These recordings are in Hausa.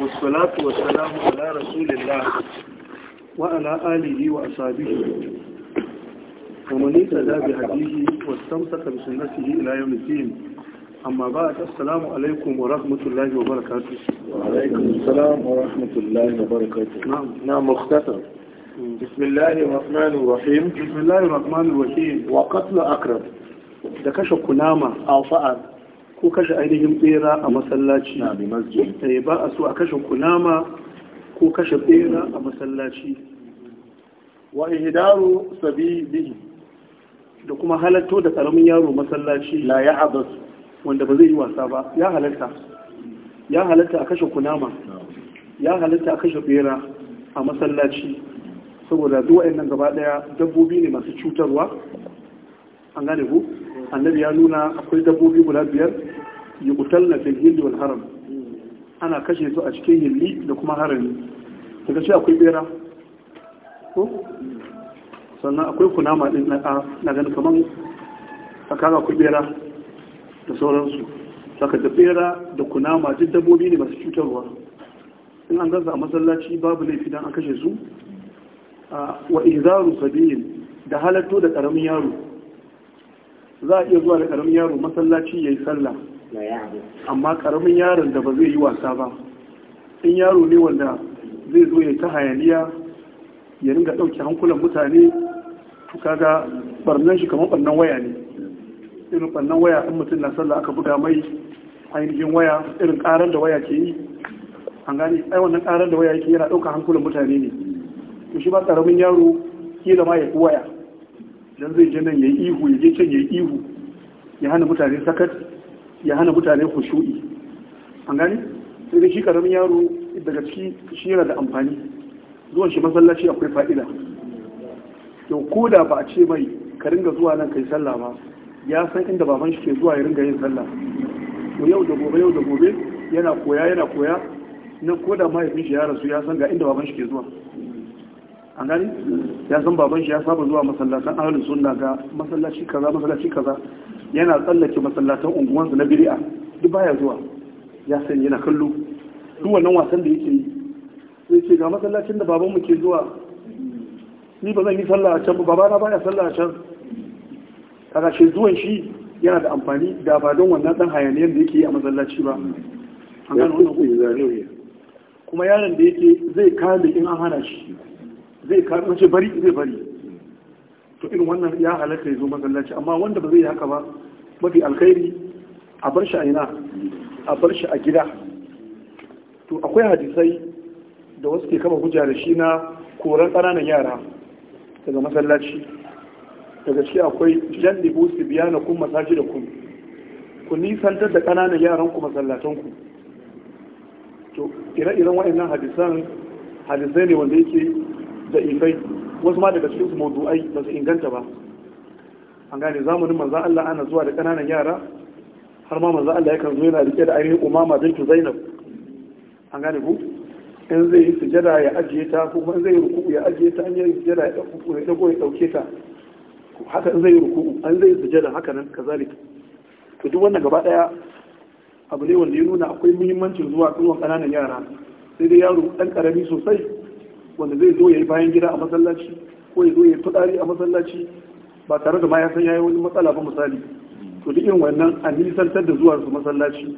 والصلاة والسلام على رسول الله وعلى آله وأصحابه ومن اهتدى بهديه واستمسك بسنته إلى يوم الدين أما بعد السلام عليكم ورحمة الله وبركاته وعليكم السلام ورحمة الله وبركاته نعم نعم مختصر بسم الله الرحمن الرحيم بسم الله الرحمن الرحيم وقتل أقرب ده كشف كنامة أو فأر ko kashe ainihin bera a masallaci eh, ba a so a kashe kunama ko kashe bera a masallaci wa ihdaru sabibi da kuma halatto da karamin yaro masallaci la ya abas wanda ba zai yi wasa ba ya halatta ya halatta a kashe kunama ya halatta a kashe bera a masallaci saboda duk nan gaba daya dabbobi ne masu cutarwa an gane ku annabi ya nuna akwai dabbobi guda biyar yi kutalna na hilli wal haram ana kashe su a cikin hilli da kuma harami daga ce akwai bera ko sannan akwai kunama din na gani a tsakaga akwai bera da sauransu saka da bera da kunama duk dabbobi ne masu cutarwa in an gaza a masallaci babu laifi dan an kashe su wa izaru sabiyin da halatto da karamin yaro za a iya zuwa da karamin yaro masallaci ya yi sallah amma karamin yaron da ba zai yi wasa ba in yaro ne wanda zai zo ya ta hayaniya ya ringa ɗauke hankulan mutane to kaga barnan shi kamar barnan waya ne irin barnan waya in mutum na sallah aka buga mai ainihin waya irin ƙaran da waya ke yi an gane ai wannan ƙaran da waya yake yana ɗauka hankulan mutane ne to shi ba ƙaramin yaro kila ma ya fi waya dan zai je nan ya yi ihu ya je can yi ihu ya hana mutane sakat ya hana mutane kushu'i an gani sai da shi karamin yaro daga ciki shi yana da amfani zuwan shi masallaci akwai fa'ida yau ko da ba a ce mai ka ringa zuwa nan kai sallah ba ya san inda baban shi ke zuwa ya ringa yin sallah to yau da gobe yau da gobe yana koya yana koya na ko da mahaifin shi ya rasu ya san ga inda baban shi ke zuwa a gani ya san baban shi ya saba zuwa masallatan ahalin sunna ga masallaci kaza masallaci kaza yana tsallake masallatan unguwansu na biri'a duk baya zuwa ya san yana kallo duk wannan wasan da yake yi sai ce ga masallacin da babanmu ke zuwa ni ba zan yi sallah a can ba babana baya sallah a can kaga shi zuwan shi yana da amfani da ba don wannan dan hayaniyar da yake yi a masallaci ba an gano wannan kuma yaron da yake zai kame in an hana shi zai karɓi ce bari zai bari to irin wannan ya halatta ya zo masallaci amma wanda ba zai yi haka ba mafi alkhairi a bar shi a ina a bar shi a gida to akwai hadisai da wasu ke kama hujja da shi na koran ƙananan yara daga masallaci daga shi akwai jan da su biya na kun masaji da kun ku nisantar da ƙananan yaran ku masallatan ku to ire-iren wa'annan hadisan hadisai ne wanda yake da ifai wasu ma daga cikin su ba su inganta ba an gane zamanin manzan Allah ana zuwa da ƙananan yara har ma manzan Allah yakan zo yana rike da ainihin umama bintu Zainab an gane ku in zai yi sujada ya ajiye ta kuma in zai yi ruku'u ya ajiye ta in yi sujada ya dauko ya dauke ta haka in zai yi ruku'u an zai yi sujada haka nan kazalik to duk wannan gaba daya abu ne wanda ya nuna akwai muhimmancin zuwa tsohon ƙananan yara sai dai yaro ɗan ƙarami sosai wanda zai zo ya yi bayan gida a masallaci ko ya zo ya yi fudari a masallaci ba tare da ma ya san ya yi wani matsala ba misali to duk irin wannan a nisantar da zuwa su masallaci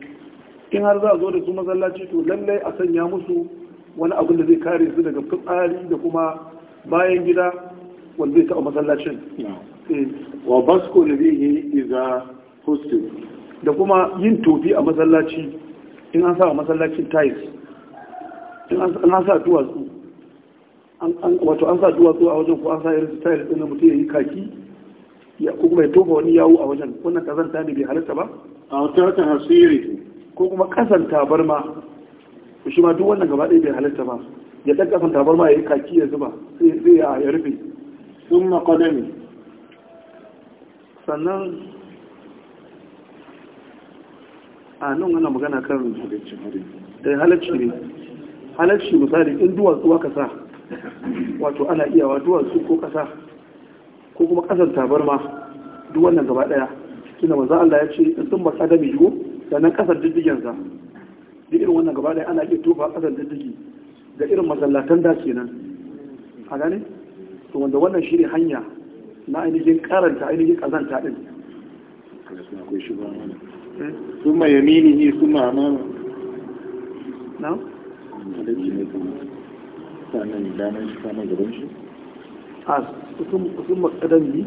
in har za a zo da su masallaci to lallai a sanya musu wani abin da zai kare su daga fitsari da kuma bayan gida wanda zai taɓa masallacin eh. wa basko da zai yi iza hostel da kuma yin tofi a masallaci in an sa a masallacin tiles in an sa duwatsu wato an sa duwatsu a wajen ko an sa irin style da mutum ya yi kaki ko kuma ya tofa wani yawo a wajen wannan kazanta ne bai halitta ba a wata ta hasiri ko kuma kasan tabarma shi ma duk wannan gaba ɗaya bai halitta ba ya ɗan kasan tabarma ya yi kaki ya zuba sai ya rufe sun makonami sannan a nan wannan magana kan eh, halarci ne halarci misali in duwatsu aka sa wato ana iya wa wasu ko ƙasa ko kuma tabar tabarma duk wannan gaba daya tunda manzo Allah ya ce in sun ba da biyu sannan kasar diddigen sa duk irin wannan gaba daya ana iya tofa kasar diddigi ga irin masallatan da kenan a gane to wanda wannan shi ne hanya na ainihin karanta ainihin ƙazanta ɗin ثم يمينه suma amana na? sannan daman shi kama gaban shi a sun makadan ne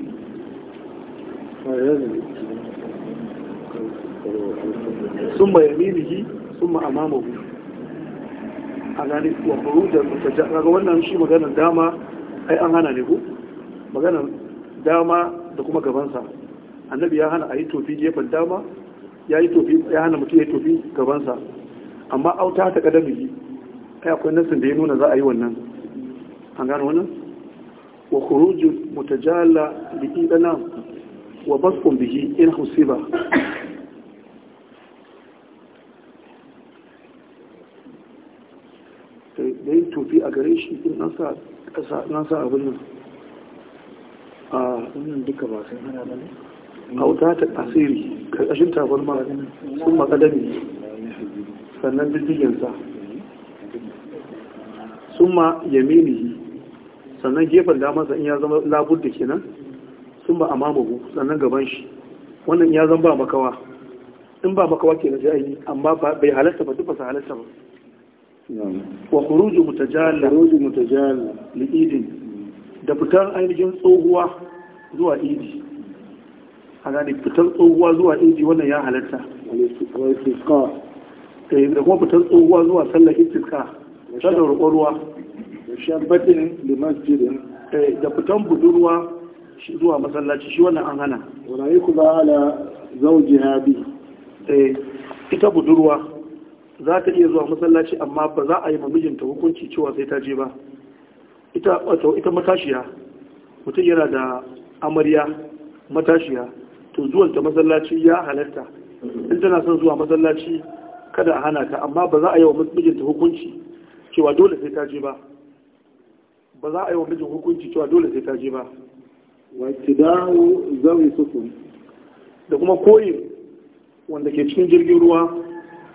sun ma yaminihi sun ma amamahu a gani wa furujar mutajja kaga wannan shi maganar dama ai an hana ne ko maganar dama da kuma gabansa annabi ya hana a yi tofi gefen dama ya hana mutu ya yi tofi gabansa amma auta ta kadan kadamihi kai akwai nasin da ya nuna za a yi wannan an gano wannan wa khuruju mutajalla bi idana wa basqun bihi in husiba Sai da yin tofi a gare shi in an sa nan sa abin nan a wannan duka ba sai hana ba ne hauta ta asiri karkashin tabarma sun makadami sannan diddigensa summa yaminihi sannan gefen damansa in ya zama labudda kenan summa amamahu sannan gaban shi wannan ya zama ba makawa in ba makawa kenan sai ayi amma bai halatta ba duk sa halatta ba wa khuruju mutajalla khuruju mutajalla li idin da fitar ainihin tsohuwa zuwa idi a gane fitar tsohuwa zuwa idi wannan ya halatta eh, da kuma fitar tsohuwa zuwa sallar istisqa shan ruwa shan batin limasjidin eh, da fitan budurwa zuwa masallaci shi wannan an hana wala yakula ala zawjiha bi eh, ita budurwa za ta iya zuwa masallaci amma ba za a yi ta hukunci cewa sai ta je ba ita wato ita matashiya mutum yana da amarya matashiya to zuwanta masallaci ya halatta in tana son zuwa masallaci kada a hana ta amma ba za a yi wa mijinta hukunci cewa dole sai ta je ba ba za a yi wa mijin hukunci cewa dole sai ta je ba wa dawo zawi sufun da kuma koyi wanda ke cikin jirgin ruwa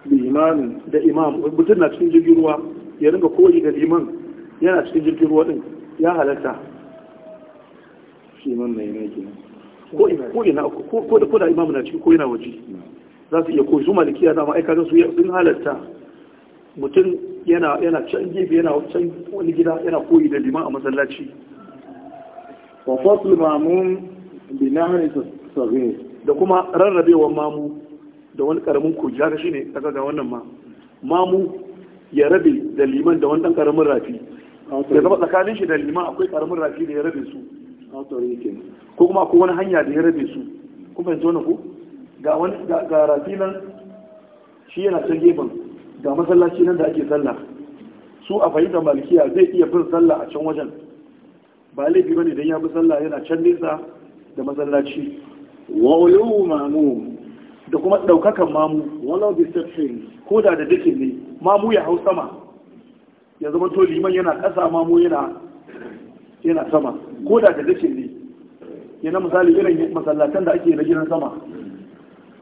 da imam da imam mutum na cikin jirgin ruwa ya ringa koyi da liman yana cikin jirgin ruwa din ya halatta shi mai na yana ko ina ko da imam na cikin ko yana waje za su iya koyi su malikiya dama aika su sun halatta mutum yana yana can gefe yana can wani gida yana koyi da liman a masallaci wa fasul mamun bi nahri saghir da kuma rarrabewar mamu da wani karamin kogi haka shine kaga ga wannan ma mamu ya rabe da liman da wannan karamin rafi ya zama tsakanin shi da liman akwai karamin rafi da ya rabe su ko kuma akwai wani hanya da ya rabe su kuma yanzu wani ku ga rafi nan shi yana can gefen ga masallaci nan da ake sallah su a fahimtar malikiya zai iya fin sallah a can wajen ba laifi bane dan ya bi sallah yana can nesa da masallaci wa ulu mamu da kuma daukakan mamu walau bi safin ko da da dake ne mamu ya hau sama ya zama to liman yana kasa mamu yana yana sama ko da da dake ne yana misali irin masallatan da ake na gidan sama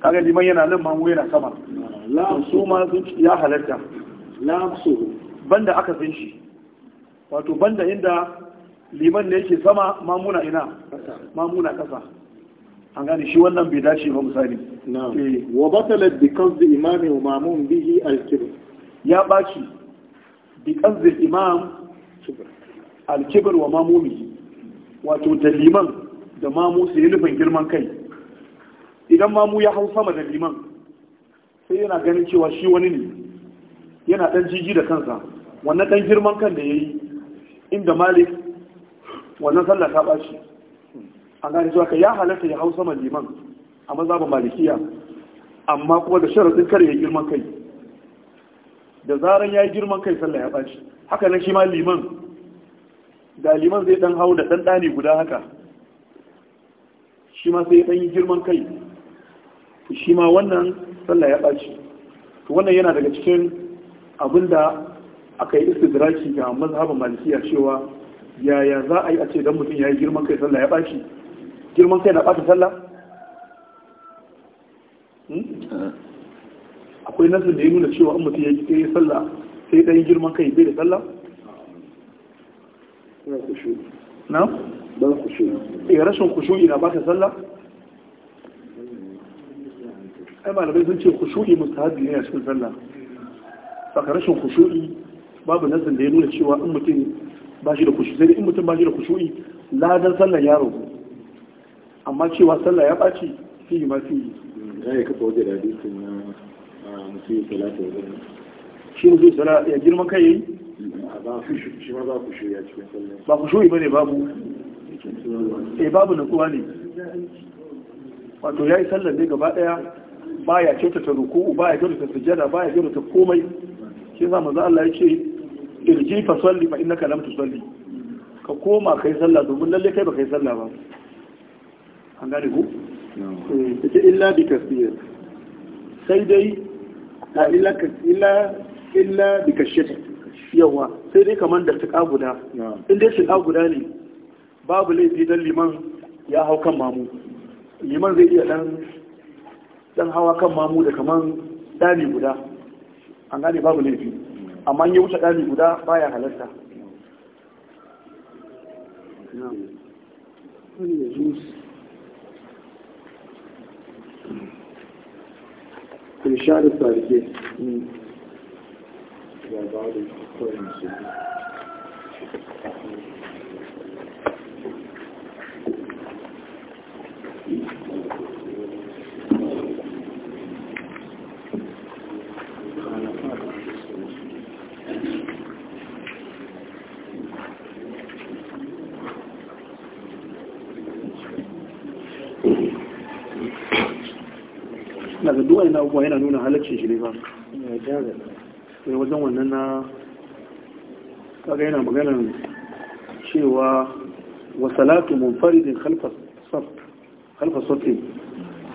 kaga liman yana nan mamu yana sama su ma sun ya halatta lamsu banda aka sun shi wato banda inda liman ne yake sama mamuna ina mamuna kasa an gane shi wannan bai dace ba misali eh. wa batala bi qasdi imami wa mamun bihi al-kibr ya baci bi qasdi imam al-kibr wa mamumi wato da liman da mamu sai nufin girman kai idan mamu ya hau sama da liman sai yana ganin cewa shi wani ne yana ɗan jiji da kansa wannan ɗan girman kan da ya yi inda malik wannan sallah ta ɓaci an gane cewa ka ya halatta ya hau sama liman a mazhabin malikiya amma kuma da sharaɗin kare ya girman kai da zaran ya yi girman kai sallah ya ɓaci haka nan shi ma liman da liman zai ɗan hau da ɗan ɗani guda haka shi ma sai ya ɗan yi girman kai shi ma wannan sallah ya ɓaci to wannan yana daga cikin abin da aka yi istidraki ga mazhabin malikiya cewa yaya za a yi a ce don mutum ya yi girman kai sallah ya ɓaci girman kai na ɓata sallah hmm? akwai nazarin da ya nuna cewa in mutum ya yi sallah sai ɗan girman kai bai da sallah na? ba ku shi eh, rashin kushu'i ina ba ta sallah ai malamai sun ce khushu'i mustahabi ne a cikin sallah saka rashin khushu'i babu nasin da ya nuna cewa in mutum ba shi da khushu'i sai in mutum ba shi da khushu'i ladan sallah ya rabu amma cewa sallah ya ɓaci fi ma fi ya kafa wajen hadisin na musu salata wajen shi musu salata ya girma kai yayi ba shi ma ba khushu'i a cikin sallah ba khushu'i bane babu eh babu natsuwa ne wato ya yi sallar ne gaba daya baya kyautata ruku'u baya kyautata sujada baya ta komai shi mu manzo Allah yace irji fa salli fa innaka lam tusalli ka koma kai sallah domin lalle kai ba kai sallah ba an gane ku eh, take illa bi kasir sai dai la illa illa illa bi kashir yawa sai dai kaman da tuka guda in dai tuka guda ne babu laifi dan liman ya hau kan mamu liman zai iya dan dan hawa kan mamu da kaman dami guda an gane babu laifi amma ya wuce dami guda baya halarta ya ba da su. Thank you. ga duk wani abubuwa yana nuna halaccin shi ne ba sai eh, wajen wannan na kaga yana maganar cewa wasu salatu munfaridin khalfa saf khalfa safi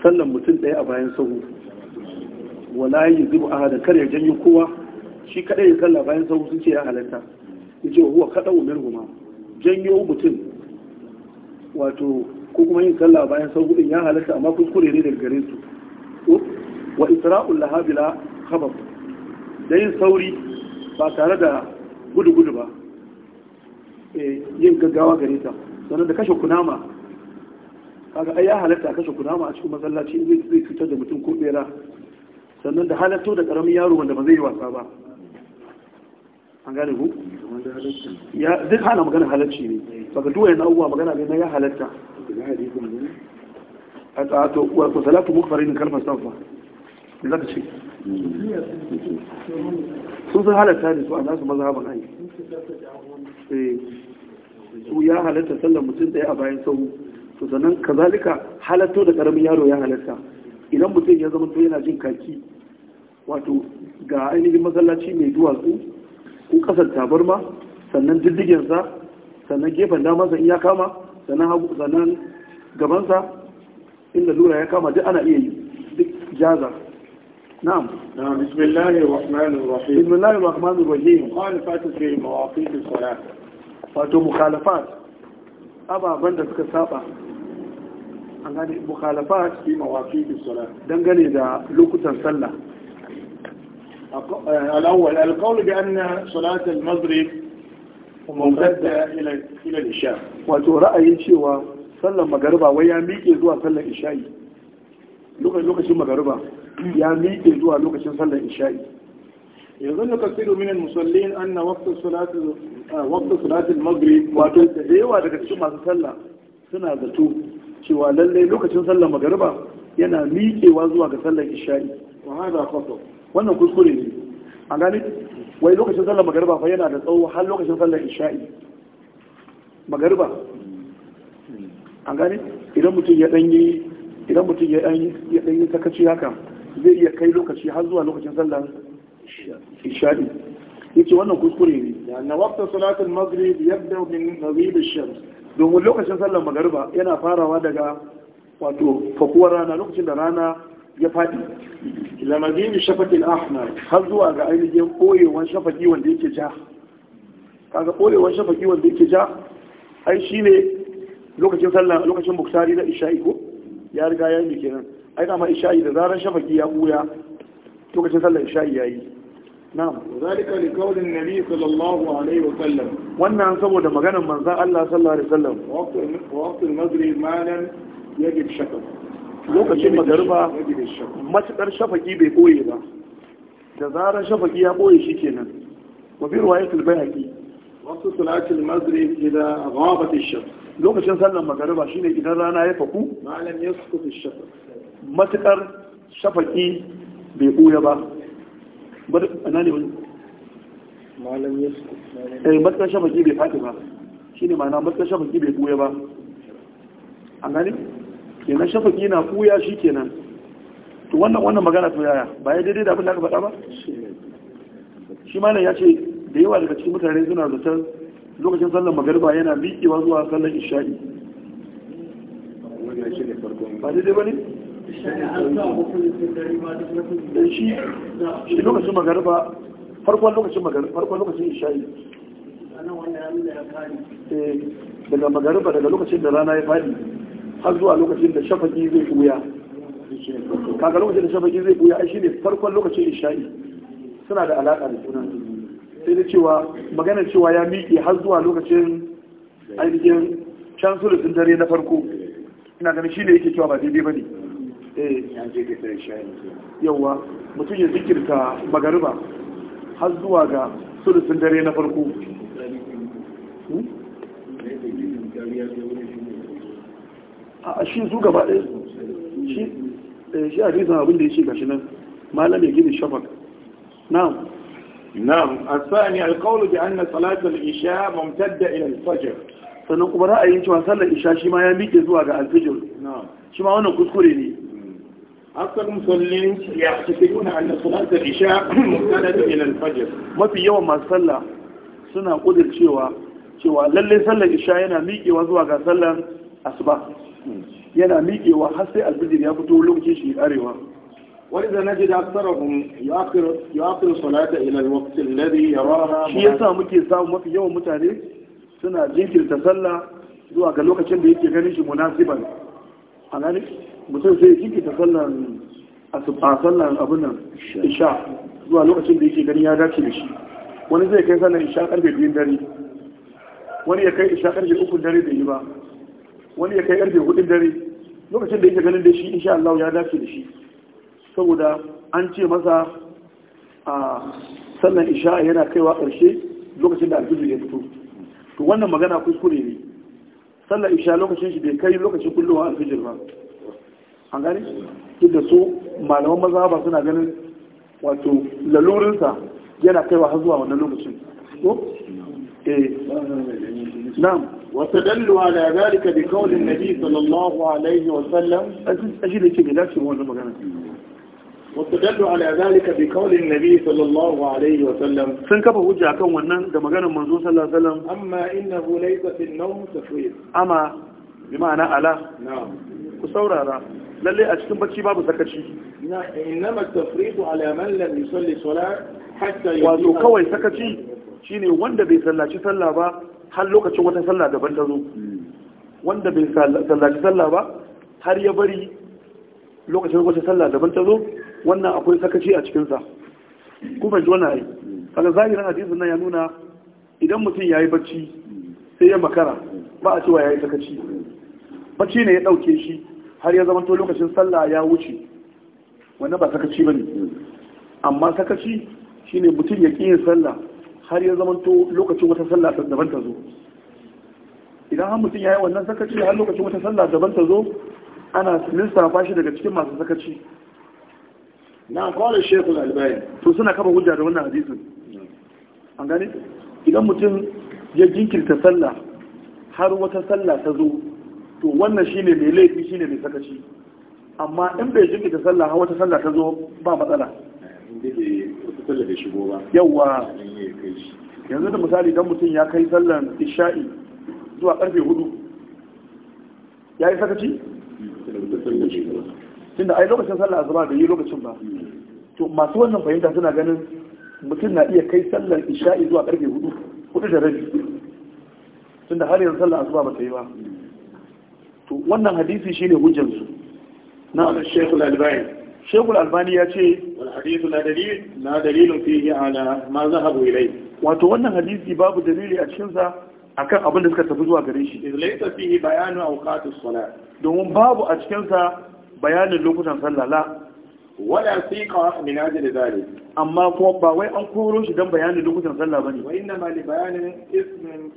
sallan mutum daya a bayan sahu wala yuzibu ahada kar ya janyo kowa shi kadai ya salla bayan sahu sun ce ya halatta yace huwa kadau huma janyo mutum wato ko kuma yin sallah bayan sahu din ya halatta amma kuskure ne daga gare su wa isra'ul laha bila khabab da yin sauri ba tare da gudu gudu ba eh, yin gaggawa gare ta sannan da kashe kunama kaga ai ya halatta kashe kunama a cikin masallaci in zai cutar da mutum ko bera sannan da halatto da karamin yaro wanda ba zai yi wasa ba an gane ku ya duk hana magana halacci ne saka duwaye na abubuwa magana ne na ya halatta وصلاة مغفرين كلمة لذلك sun ne su a ya sallar mutum ɗaya a bayan sau sannan kazalika halatto da ƙaramin yaro ya halarta. idan mutum ya zama to yana jin kaki wato ga ainihin masallaci mai duwatsu ko tabarma sannan sannan gefen damar sa ya kama sannan gabansa إلا lura ya كما duk ana iya نعم نعم بسم الله الرحمن الرحيم بسم الله الرحمن الرحيم مخالفات في مواقيت الصلاة فاتو مخالفات أبا بند كسابة أنا مخالفات في مواقيت الصلاة دنقل إذا لوكتا صلى آه، الأول القول بأن صلاة المغرب ممتدة إلى إلى العشاء وتو رأي شيء sallan magariba wai ya miƙe zuwa sallan isha'i lokacin magariba ya miƙe zuwa lokacin sallan isha'i yanzu da kasiru minan musallin an na wakta salatin ah, maghrib wato da yawa daga cikin masu sallah suna zato cewa lallai lokacin sallan magariba yana miƙewa zuwa ga sallan isha'i wannan kuskure ne a gani wai lokacin sallan magariba fa yana da tsawo har lokacin sallan isha'i magariba a gane idan mutum ya danyi idan mutum ya danyi sakaci haka zai iya kai lokaci har zuwa lokacin sallar ya ce wannan kuskure ne na wakta salatul maghrib da min maghrib ash-shams domin lokacin sallar magariba yana farawa daga wato fakuwar rana lokacin da rana ya fadi ila maghrib shafaq al-ahmar har zuwa ga ainihin koyewan shafaqi wanda yake ja kaga koyewan shafaqi wanda yake ja ai shine lokacin sallah lokacin buksari da isha'i ko ya riga ya yi kenan ai dama isha'i da zaran shafaki ya buya lokacin sallah isha'i yayi na'am zalika li qawlin nabi sallallahu alaihi wa sallam wannan saboda maganar manzon Allah sallallahu alaihi wa sallam waqtul maghrib malan yajib shaka lokacin magariba matukar shafaki bai koye ba da zaran shafaki ya koye shi kenan wa bi ruwayatul bayhaqi waqtu salatil maghrib ila ghabati ash-shams lokacin sallan magariba shine idan rana ya faku malam ya matukar bai buya ba ana ne wani eh matukar bai fati ba shine ma'ana matukar shafaqi bai buya ba an gani kenan shafaqi na buya kenan to wannan wannan magana to yaya ba ya daidai da abin da aka faɗa ba shi malam ya ce da yawa daga cikin mutane suna zaton lokacin sallar magariba yana miƙewa zuwa sallar isha'i ba ba eh, lokacin magariba farkon lokacin magariba farkon lokacin isha'i eh, daga magariba daga lokacin da rana ya faɗi har zuwa lokacin da shafaki zai buya, kaga lokacin da shafaki zai buya shi ne farkon lokacin isha'i suna da alaƙa da juna sai da cewa maganar cewa ya miƙe har zuwa lokacin ainihin can sun dare na farko ina ganin shi ne yake cewa ba daidai ba ne eh. yauwa mutum ya zikirta magariba har zuwa ga sulusun dare na farko hmm? a shi zu gaba ɗaya shi eh, a rizan abin da ya ce gashi nan malam ya gini shafak na'am na'am asani alqawlu bi anna salat al-isha mumtadda ila al-fajr sannan kuma ra'ayin cewa sallar isha shi ma ya miƙe zuwa ga al-fajr wannan kuskure ne أكثر المصلين يعتقدون أن صلاة العشاء مستندة إلى الفجر. ما في يوم ما صلى سنة قدر شيوا شيوا للي صلى العشاء أنا ميكي وزوا صلى أصبح yana miƙewa har sai alfijir ya fito lokacin shi arewa ولذا نجد أكثرهم يؤخر يؤخر الصلاة إلى الوقت الذي يراها shi yasa muke samu mafi yawan mutane suna jinkirta sallah zuwa ga lokacin da yake ganin shi munasiban a gani mutum sai jinkirta sallan a sallan abin nan isha zuwa lokacin da yake ganin ya dace da shi wani zai kai sallan isha karfe biyun dare wani ya kai isha karfe ukun dare da yi ba wani ya kai karfe hudun dare lokacin da yake ganin da shi insha Allah ya dace da shi saboda an ce masa a sallan isha yana kaiwa ƙarshe lokacin da alfijir ya fito to wannan magana kuskure ne sallan isha lokacin shi bai kai lokacin kullum alfijir ba an gani duk da su malaman ba suna ganin wato lalurinsa yana kaiwa har zuwa wannan lokacin ko eh na'am wa tadallu ala bi qawli an sallallahu alaihi wa sallam ashi da ke da shi wannan magana واستدلوا على ذلك بقول النبي صلى الله عليه وسلم سن كفا حجة كان wannan da maganar manzo sallallahu alaihi wasallam amma innahu laysa fi an-nawm tafwid amma bima'ana ala na'am ku saurara lalle a cikin bacci babu sakaci innama at-tafridu ala man lam yusalli salat hatta wato kawai sakaci shine wanda bai sallaci sallah ba har lokacin wata sallah daban ta zo wanda bai sallaci sallah ba har ya bari lokacin wata sallah daban ta zo wannan akwai sakaci a cikinsa kuma ji wannan ayi kaga zahirin hadisun nan ya nuna idan mutum ya yi bacci sai ya makara ba a cewa ya yi sakaci bacci ne ya ɗauke shi har ya zama to lokacin sallah ya wuce wannan ba sakaci ba ne amma sakaci shi ne mutum ya ƙi yin sallah har ya zama to lokacin wata sallah daban ta zo idan har mutum ya yi wannan sakaci har lokacin wata sallah daban ta zo ana lissafa shi daga cikin masu sakaci na kawai shekul albani to suna kafa hujja da wannan hadisin an gane idan mutum ya jinkirta sallah har wata sallah ta zo to wannan shine mai laifi shine mai sakaci amma in bai jinkirta sallah har wata sallah ta zo ba matsala yawa yanzu da misali don mutum ya kai sallan isha'i zuwa karfe hudu ya yi sakaci? Hmm, tunda ai lokacin sallah asuba bai yi lokacin ba to masu wannan fahimta suna ganin mutum na iya kai sallar isha'i zuwa karfe hudu hudu da rabi tunda har yanzu sallar asuba ba ta yi ba to wannan hadisi shine hujjansu na shekul albani shekul albani ya ce wal hadithu la dalil la dalilun fihi ala ma zahabu ilay wato wannan hadisi babu dalili a cikin sa akan abin da suka tafi zuwa gare shi laysa fihi bayanu awqatus salat domin babu a cikin sa bayanin lokutan sallah la wala siqa min ajli zalik amma kuma ba wai an koro shi dan bayanin lokutan sallah bane wa inna ma li bayanin ismin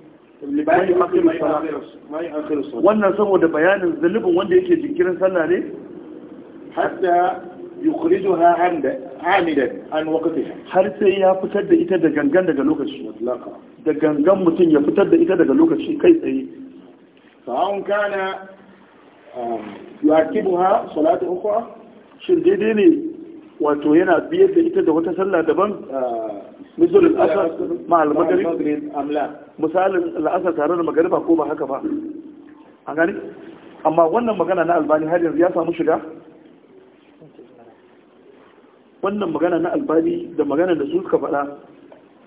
wannan saboda bayanin zalubin wanda yake jinkirin sallah ne hatta yukhrijuha amidan an waqtiha har sai ya fitar da ita da gangan daga lokaci da gangan mutum ya fitar da ita daga lokaci kai tsaye fa an kana Um, yu'aqibuha salatu ukhra shin daidai ne wato yana biyar da ita da wata sallah daban uh, Misalin al'asar ma al-maghrib misalin al'asar tare da magariba ko ba haka ba A gani amma wannan magana na albani har yanzu ya samu shiga wannan magana na albani da magana da su suka faɗa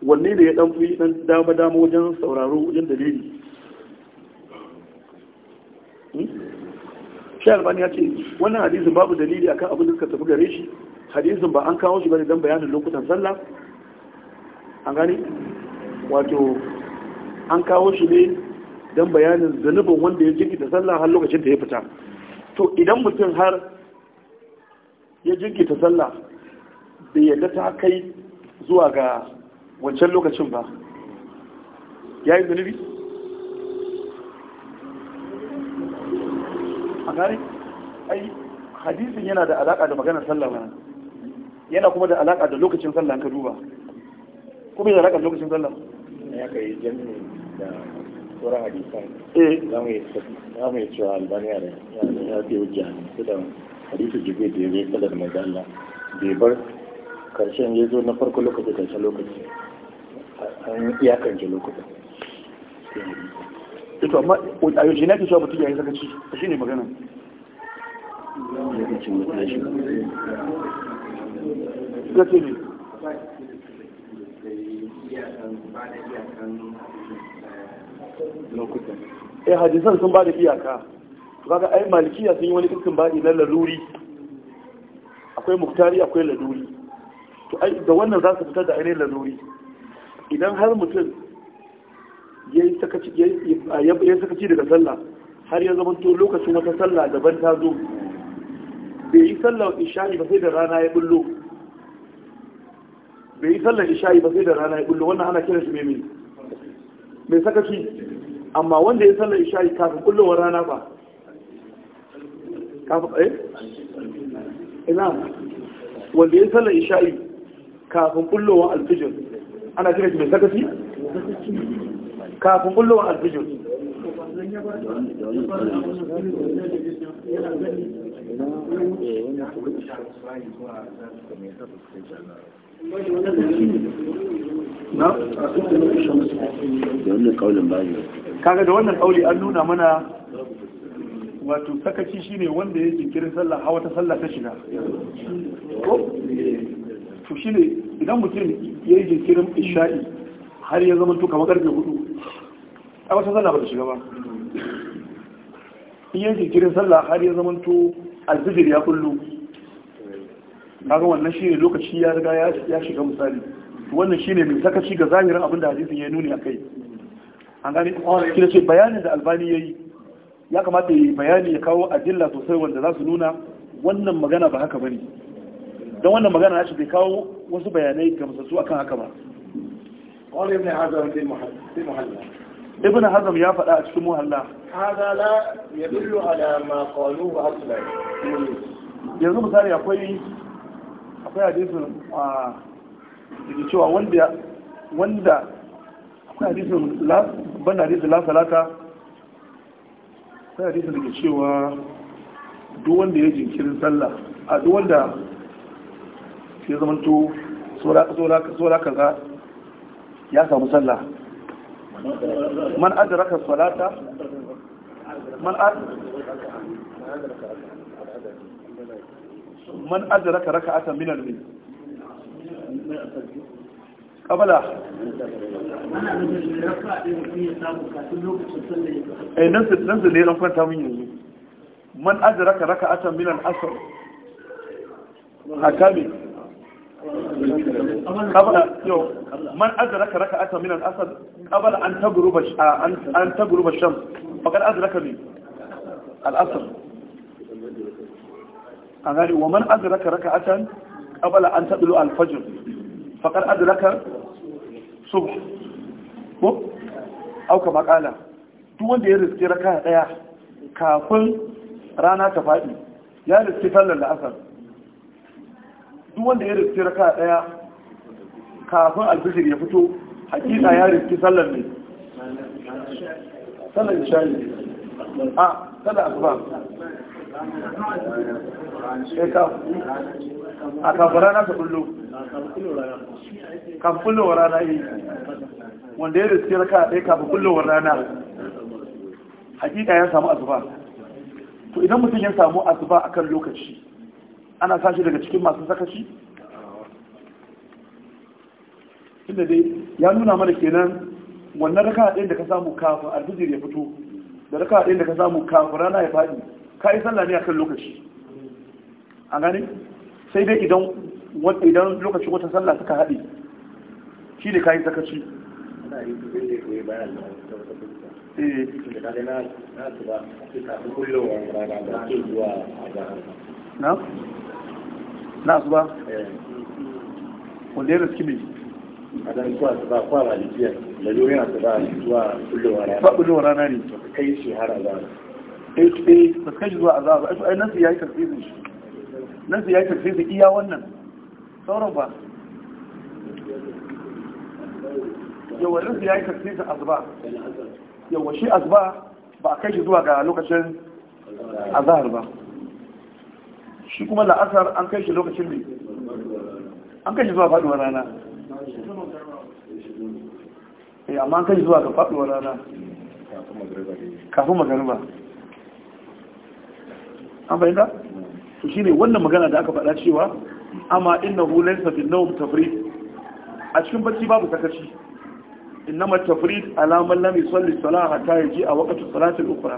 wanne ne ya dan fi dan dama dama wajen sauraro wajen dalili hmm? shi ya ce wannan hadisun babu dalili akan abin da suka tafi gare shi hadisun ba an kawo shi bane don bayanin lokutan sallah an gani wato an kawo shi ne don bayanin zanubin wanda ya ta sallah har lokacin da ya fita to idan mutum har ya ta sallah da yadda ta kai zuwa ga wancan lokacin ba ya yi zanubi a ai hadisin yana da alaka da maganar sallah mana yana kuma da alaka da lokacin sallah ka duba kuma yana alaka da lokacin sallah ya kai jami'i da sauran hadisan eh. za mu yi cewa albaniya da ya fi hujja su da hadisi jibril da ya zai sallar manzo da bai bar karshen ya zo na farko lokaci karshen lokaci an iyakance lokutan ito amma a ke ya yi ya ce ne eh, sun ba da iyaka ai yi wani laluri akwai muktari akwai laluri to ai da wannan za su fitar da ainihin laluri idan har mutum ya sakaci sakaci daga sallah har ya zama to lokacin wata sallah daban ta zo bai yi sallar isha'i ba sai da rana ya bullo bai yi sallar isha'i ba sai da rana ya bullo wannan ana kiran shi mai mai sakaci amma wanda ya sallar isha'i kafin kullowa rana ba kafin eh ina wanda ya sallar isha'i kafin kullowa alfijir ana kiran shi mai sakaci kafin kullum alfijir kaga da wannan kauli an nuna mana wato sakaci shine wanda ya jinkirin sallah hawa ta sallah ta shiga to shine idan mutum ya yi jinkirin isha'i har ya zama to kamar karfe hudu a wata sallah ba ta shiga ba in yanki kirin sallah har ya to alfijir ya kullu kaga wannan shi ne lokaci ya riga ya shiga misali wannan shi ne mai sakaci ga zahirin abin da hadisin ya nuni kai an gani kira ce bayanin da albani ya yi, ya kamata yi bayani ya kawo adilla sosai wanda za su nuna wannan magana ba haka bane dan wannan magana nashi bai kawo wasu bayanai gamsassu akan haka ba qala ibn hazm fi muhalla ibn hazm ya faɗa a cikin muhalla hada la yadullu ala ma qaluhu aslan yanzu misali akwai akwai hadisin a yake cewa wanda wanda akwai hadisin la ban hadisin la salata akwai hadisin da ke cewa duk wanda ya jinkirin sallah a duk wanda ya zamanto tsora kaza ya samu sallah man adraka salata man man adraka raka'atan min al-min kabala eh nan su nan su ne ran kwanta min yanzu man adraka raka'atan min al-asr hakami qabla yo man adraka raka'atan min al-asr qabla an tagruba an tagruba shams faqad adraka min al-asr agari wa man adraka raka'atan qabla an tadlu al-fajr faqad duk wanda ya riske raka daya kafin rana ta faɗi ya riske sallar la'asar wanda ya riski raka daya kafin alfijir ya fito hakika ya riski sallar ne sallar isha'i a ah, sallar asuba eh, a kafin rana ta kullo kafin kullowar rana yi wanda ya riski raka daya kafin kullowar rana hakika ya samu asuba to idan mutum ya samu asuba akan lokaci ana sashi daga cikin masu sakaci inda dai ya nuna mana kenan wannan raka ɗin da ka samu kafin alfijir ya fito da raka ɗin da ka samu kafin rana ya faɗi ka yi sallah ne a kan lokaci a gane sai dai idan idan lokacin wata sallah suka haɗe shi ne ka yi sakaci na? na su ba wanda ya riski mai adan zuwa su ba kwara da biyar da yau yana su ba zuwa kullewa rana ba kullewa rana ne ba kai shi har azaba eh eh ba kai shi zuwa azaba ai nan su yayi tafsirin shi nan su yayi tafsirin iya wannan sauran ba yawa nan su yayi tafsirin azaba yawa shi azaba ba a kai shi zuwa ga lokacin azahar ba shi kuma la'asar an kai shi lokacin ne an kai shi zuwa faduwar rana eh amma an kai shi zuwa ga faduwar rana kafin magariba an su to ne wannan magana da aka faɗa cewa amma innahu laysa bin nawm tafri a cikin barci babu sakaci innama tafrid ala man lam yusalli salaha hatta yaji a waqtu salati ukura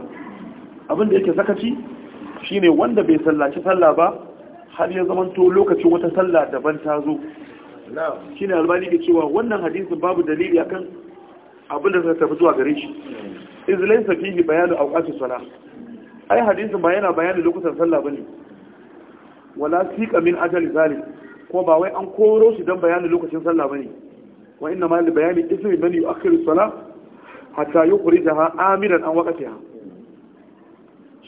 abinda yake sakaci Shi ne wanda bai sallaci sallah ba har ya zamanto lokacin wata sallah daban ta zo ne albani ke cewa wannan hadisin babu dalili akan abin da ta zuwa gare shi izlain safihi bayanu awqati sana ai hadisin ba yana bayanin lokutan sallah ne. wala siqa min ajali zalim ko ba wai an koro shi don bayanin lokacin sallah ne wa inna ma li bayani ismi man yu'akhiru salah hatta yukhrijaha amiran an waqtiha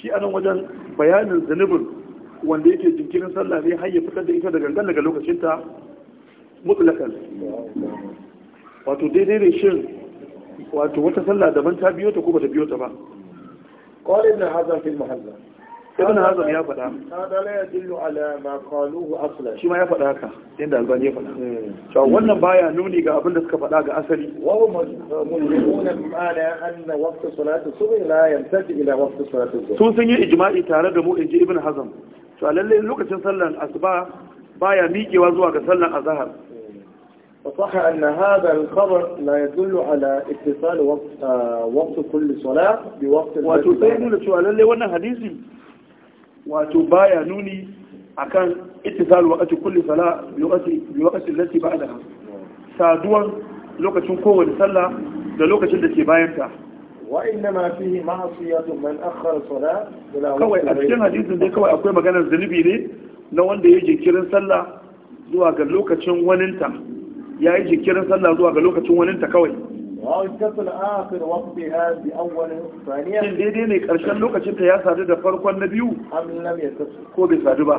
shi anan wajen bayanin zanibin wanda yake jinkirin sallah ne har fitar da ita da gangan daga lokacinta mutlakan wato daidai ne shin wato wata sallah daban ta biyo ta ko ba ta biyo ta ba ƙwarin ibn hazm fil muhazzab ibn hazm ya faɗa hada ya dillu ala ma qaluhu aslan shi ma ya faɗa haka inda albani ya faɗa to eh. wannan baya nuni ga abin da suka faɗa ga asali wa ma'ana anna waqt salati la ila waqt salati sun sun yi ijma'i tare da mu inji ibn hazm to lalle lokacin sallan asuba baya miƙewa zuwa ga sallan azhar وصح أن هذا الخبر لا يدل على اتصال وقت, وقت كل صلاة بوقت وانا حديثي wato baya nuni akan ittisal waqti kulli sala bi waqti bi waqti allati ba'daha saduwan lokacin kowace sallah da lokacin da ke bayan ta wa inna ma fihi ma'siyatu man akhkhara salat kawai a cikin hadisin dai kawai akwai maganar zunubi ne na wanda ya jinkirin sallah zuwa ga lokacin waninta ya yi jinkirin sallah zuwa ga lokacin waninta kawai وأشتت الآخر وقتها بأول Shin دي ne karshen lokacin ta ya sadu da farkon na biyu am lam yatasal ko bai sadu ba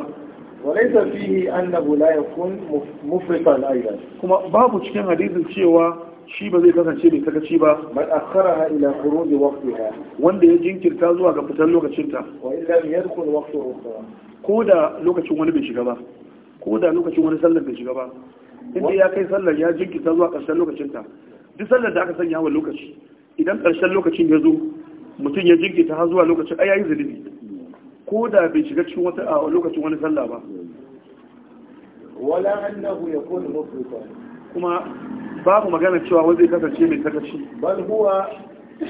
وليس فيه أنه لا يكون مفرطا أيضا Kuma babu cikin hadisin cewa shi ba zai kasance mai sakaci ba man akharaha ila khuruj waqtiha wanda ya jinkirta zuwa ga fitar lokacin ta wa illa yadkhul waqtu ukhra ko da lokacin wani bai shiga ba ko da lokacin wani sallar bai shiga ba inda ya kai sallar ya jinkirta zuwa ƙarshen lokacin ta duk sallar da aka sanya wa lokaci idan ƙarshen lokacin ya zo mutum ya jinkita har zuwa lokacin a yayi zunubi ko da bai shiga cikin wata a lokacin wani sallah ba wala annahu yakunu mufrita kuma babu magana cewa wanzu zai kasance mai sakaci bal huwa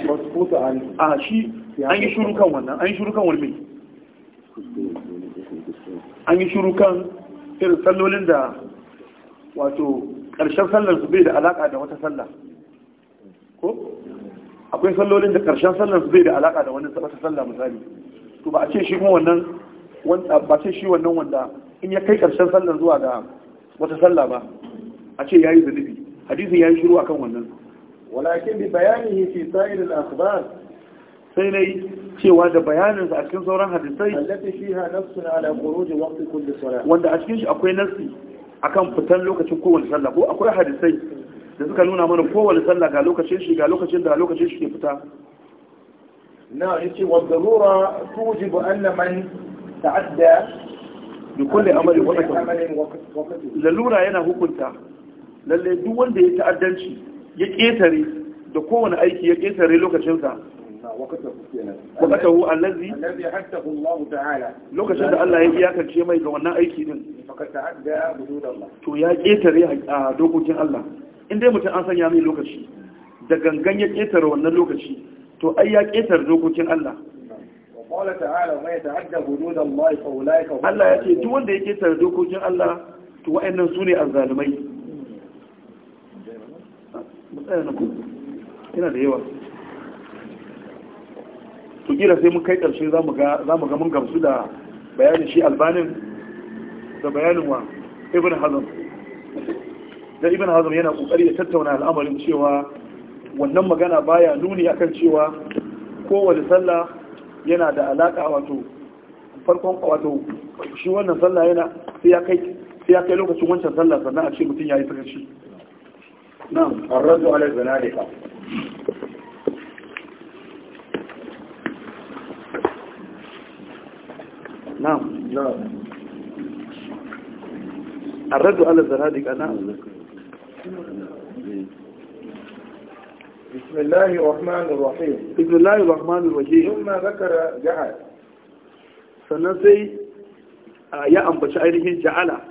masfuta an a shi an yi shuru kan wannan an yi shuru kan wani an yi shuru kan irin sallolin da wato ƙarshen sallar su bai da alaƙa da wata sallah ko akwai sallolin da karshen sallar su bai da alaka da wannan wata sallah misali to ba a ce shi kuma wannan wanda ba ce shi wannan wanda in ya kai karshen sallar zuwa ga wata sallah ba a ce yayi zunubi hadisi yayi shiru akan wannan walakin bi bayanihi fi sa'ir al-akhbar sai ne cewa da bayanin sa a cikin sauran hadisai wanda a cikin shi akwai nafsi akan fitan lokacin kowace sallah ko akwai hadisai da suka nuna mana kowane sallah ga lokacin shi ga lokacin da lokacin shi ke fita na yace wa darura tujibu anna man ta'adda bi kulli amalin waqti lalura yana hukunta lalle duk wanda ya ta'addanci ya ketare da kowane aiki ya ketare lokacin sa waqtahu allazi allazi haddahu Allah ta'ala lokacin da Allah ya iyakance mai ga wannan aiki din faqad ta'adda hudud Allah to ya ketare a dokokin Allah in dai mutum an sanya mai lokaci da gangan ya ƙetare wannan lokaci to ai ya ƙetare dokokin Allah Allah ya ce duk wanda ya ƙetare dokokin Allah to wa'annan su ne azzalumai yana da yawa to kira sai mun kai ƙarshe za mu ga mun gamsu da bayanin shi albanin da bayanin wa ibn hazan da ibn hazm yana kokari ya tattauna al'amarin cewa wannan magana baya nuni akan cewa kowace sallah yana da alaka wato farkon wato shi wannan sallah yana sai ya kai sai ya kai lokacin wancan sallah sannan a ce mutum yayi sakaci na'am arrazu ala zanadika na'am na'am الرد ala الزنادقة na'am بسم الله الرحمن الرحيم بسم الله الرحمن الرحيم ثم ذكر جعل sannan sai ya ambaci ainihin ja'ala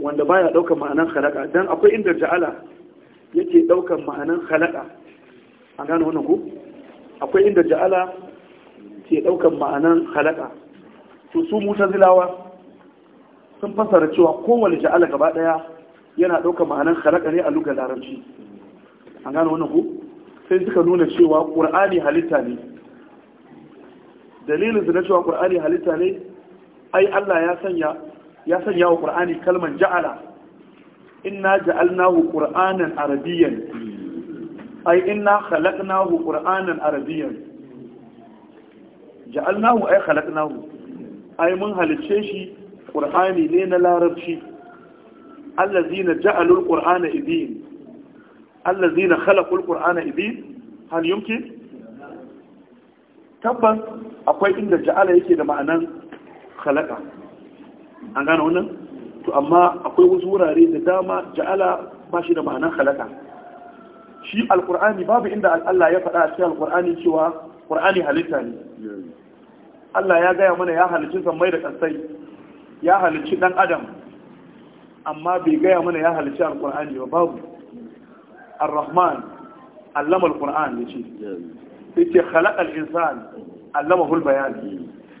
wanda baya daukar ma'anan khalaqa dan akwai inda ja'ala yake daukar ma'anan khalaqa an gane wannan ku akwai inda ja'ala ke daukar ma'anan khalaqa to su mutazilawa sun fasara cewa kowane ja'ala gaba daya yana daukar ma'anan khalaqa ne a lugar larabci an gano wannan ku sai suka nuna cewa ƙur'ani halitta ne Dalilinsu na cewa ƙur'ani halitta ne ai Allah ya sanya wa ƙur'ani kalman ja'ala inna ja'alnahu qur'anan arabiyan. ai ina inna khalaqnahu qur'anan arabiyyan ja'alnahu ai khalaqnahu ai mun halice shi ƙur'ani ne na larabci allazina ja'alul qur'ana idin allazina khalaqul qur'ana idin hal yumkin tabbas akwai inda ja'ala yake da ma'anan khalaqa an gane wannan to amma akwai wasu wurare da dama ja'ala ba shi da ma'anan khalaqa shi alqur'ani babu inda Allah ya faɗa a cikin alqur'ani cewa qur'ani halitta ne Allah ya gaya mana ya halicci sammai da ƙasai ya halicci ɗan adam amma bai gaya mana ya halicci alƙur'ani ba babu ar-rahman allama يشي يتي خلق yace علمه البيان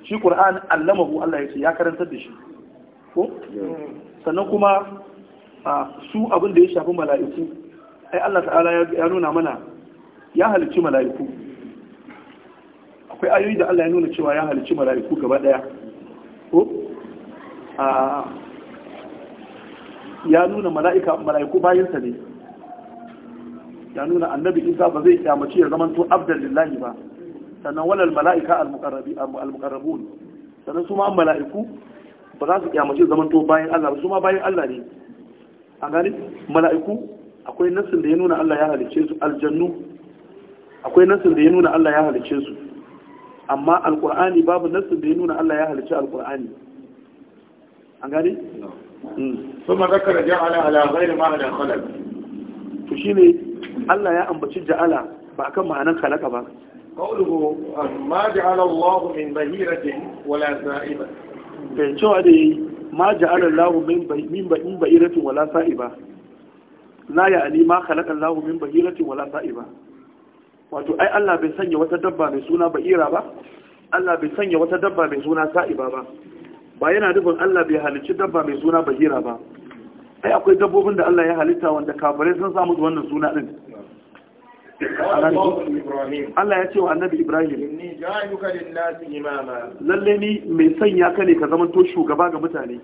insan allamahu علمه الله shi يا allamahu Allah كو ya karantar da shi sannan kuma su abin da ya shafi mala'iku ai Allah akwai ayoyi da Allah ya nuna cewa ya halicci mala'iku gaba daya ko ya nuna mala'ika mala'iku bayansa ne ya nuna annabi isa ba zai kyamaci ya zama to abdan lillahi ba sannan walal mala'ika al-muqarrabun sannan su ma mala'iku ba za su kyamaci zaman to bayan Allah ba su ma bayan Allah ne a gani mala'iku akwai nassin da ya nuna Allah ya halicce su aljannu akwai nassin da ya nuna Allah ya halicce su amma alqur'ani babu nassin da ya nuna Allah ya halicce alqur'ani an gani kuma mm. zakara ja'ala ala ghairi ma ala khalaq to shine Allah ya ambaci ja'ala ba akan ma'anar khalaqa ba qawluhu ma ja'ala Allah min bahiratin wala sa'iba bai cewa da ma ja'ala Allah min bahiratin wala sa'iba la ya'ni ma khalaqa Allah min bahiratin wala sa'iba wato ai Allah bai sanya wata dabba mai suna ba'ira ba Allah bai sanya wata dabba mai suna sa'iba ba ba yana dubin Allah bai halicci dabba mai suna bahira ba ai akwai dabbobin da Allah ya halitta wanda kafirai sun samu wannan suna ɗin Allah ya ce wa annabi Ibrahim lalle ni mai sanya ka ne ka zamanto shugaba ga mutane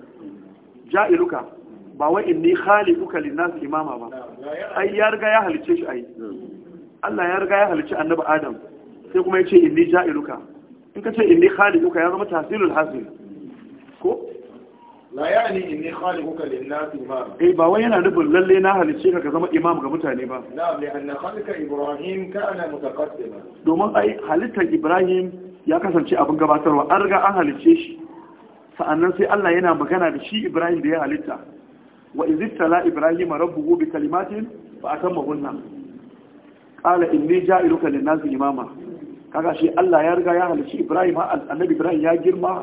ja'iluka ba wai inni khaliquka nasu imama ba ai ya riga ya halice shi ai Allah ya riga ya halice annabi Adam sai kuma ya ce inni ja'iluka in ka ce inni khaliquka ya zama tasirul hasil ko la yani inni khaliquka lin-nas imam eh ba wai yana nufin lalle na halice ka ka zama imam ga mutane ba na'am li anna khalqa ibrahim kana mutaqaddima domin ai halittar ibrahim ya kasance abin gabatarwa an riga an halice shi sa'annan sai Allah yana magana da shi ibrahim da ya halitta wa izibtala ibrahim rabbuhu bi kalimatin fa atamma hunna qala inni ja'iluka lin-nas imama kaga shi Allah ya riga ya halice ibrahim annabi ibrahim ya girma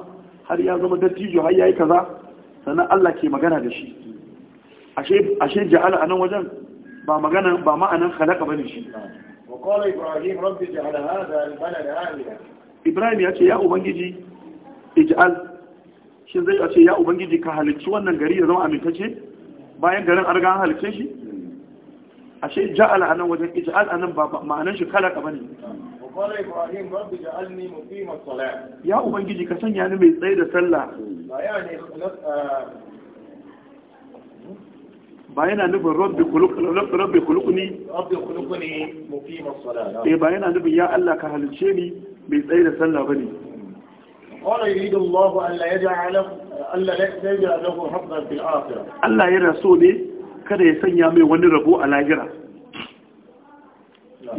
har ya zama dattijo har yayi kaza sannan Allah ke magana da shi ashe ja'ala a nan wajen ba magana ba ma'anan halaka bane shi Ibrahim ya ce ya ubangiji Ija'al. shi zai ce ya ubangiji ka halicci wannan gari ya zama amintacce bayan garin an riga halicce shi hmm. ashe ja'ala a nan wajen Ija'al a nan ba ma'anan shi halaka bane وقال إبراهيم رب جعلني مقيم الصلاة يا أبنجي كسن يعني ba yana nufin rabbi kulukuni eh, ba yana nufin ya Allah ka halice ni mai tsaye da sallah bane qala Allah Allah yana so ne kada ya sanya mai wani rabo a lahira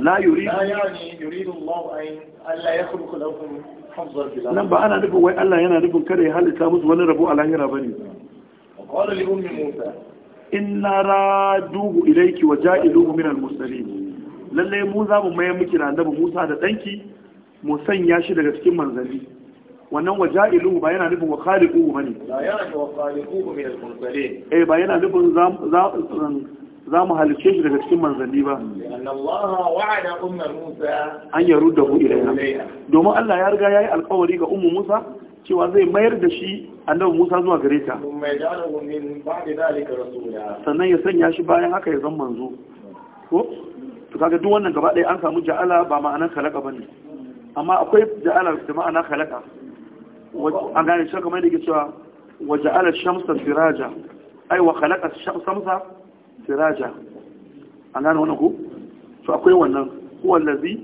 la yuri nan ba ana nufin wai Allah yana nufin kada ya halitta musu wani rabo a lahira bane qala li ummi musa inna raduhu ilayki wa ja'iluhu min al-mursalin lalle mu za mu mayar miki da annabi Musa da danki mu sanya shi daga cikin manzanni wannan wa ja'iluhu ba yana nufin wa khaliquhu bane la yana wa khaliquhu min al eh ba yana nufin za mu halice shi daga cikin manzanni ba an yaru da hu ilaina domin Allah ya riga ya yi alkawari ga ummu Musa cewa zai mayar da shi annabi Musa zuwa gare ta sannan ya sanya shi bayan haka ya zama manzo ko to kaga duk wannan gaba ɗaya an samu ja'ala ba ma'anar kalaka ne. amma akwai ja'ala da ma'ana kalaka an gane shi kamar yadda yake cewa wa ja'ala shamsa siraja Aiwa wa shamsa siraja an gane wani ku to akwai wannan huwa allazi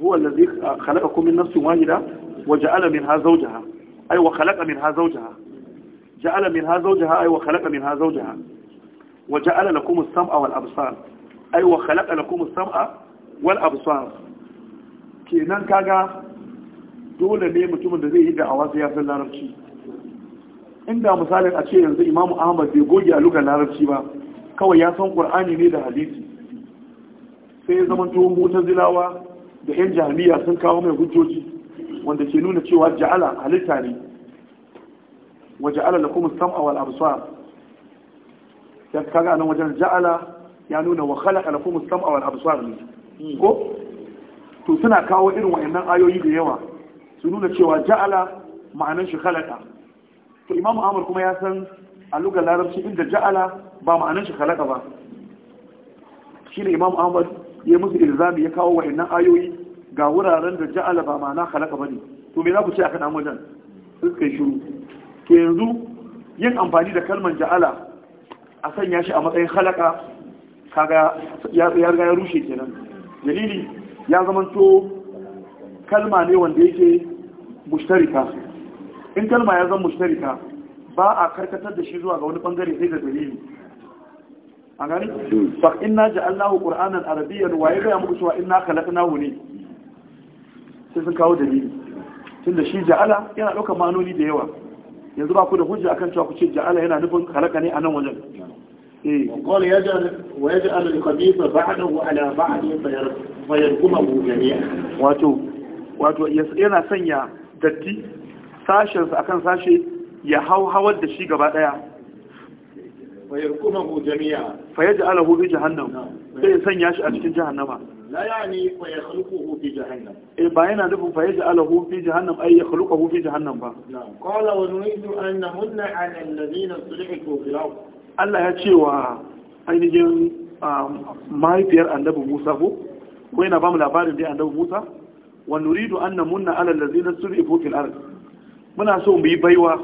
huwa allazi ah, khalaqakum min nafsin wahida wa ja'ala minha zawjaha ay wa khalaqa minha zawjaha ja'ala minha zawjaha ay wa khalaqa minha zawjaha wa ja'ala lakum as-sam'a wal absar ay wa khalaqa lakum as-sam'a wal absar kenan kaga dole ne mutumin da zai yi da'awa sai ya san larabci inda misalin a ce yanzu imamu ahmad bai goge a lugar larabci ba kawai ya san ƙwar'ani ne da hadisi sai ya zama tuwon mutan zilawa da yan jami'a sun kawo mai hujjoji wanda ke nuna cewa ja'ala halitta ne wa ja'ala kuma sam'a wal absar ya kaga nan wajen ja'ala ya nuna wa khalaqa kuma sam'a wal absar ne ko to suna kawo irin wayannan ayoyi da yawa su nuna cewa ja'ala ma'anar shi khalaqa to imamu amur kuma ya san alugar ga larabci inda ja'ala ba ma'anin shi halaka ba shi ne imamu amur ya musu ilzami ya kawo nan ayoyi ga wuraren da ja'ala ba ma'ana halaka ba ne to me za ku ce akan amujan suka yi shiru Ke yanzu yin amfani da kalman ja'ala a sanya shi a matsayin halaka kaga ya riga ya rushe kenan dalili ya zamanto kalma ne wanda yake mushtarika in kalma ya zan mushtarika ba a karkatar da shi zuwa ga wani bangare sai da dalili a gani fa inna ja'alnahu qur'anan arabiyyan wa ya ga muku cewa inna khalaqnahu ne sai sun kawo dalili tunda shi ja'ala yana daukar manoni da yawa yanzu ba ku da hujja akan cewa ku ce ja'ala yana nufin khalaqa ne a nan wajen وقال يجعل ويجعل الخبيث بعده على بعد kuma جميعا واتو Wato yana sanya datti sashen sa akan sashe ya hau hawar da shi gaba daya fayarkumahu jami'a da fayaj'alahu fi jahannam sai ya sanya shi a cikin jahannama la yani fayakhluquhu fi jahannam eh ba yana da nufin fayaj'alahu fi jahannam ay yakhluquhu fi jihannan ba qala wa nuridu an namunna 'ala alladhina sulihu fil ard Allah ya ce wa ainihin ah, mahaifiyar annabi Musa ko ko yana ba mu labarin dai annabi Musa wa nuridu an namunna 'ala alladhina sulihu fil ard muna so mu yi baiwa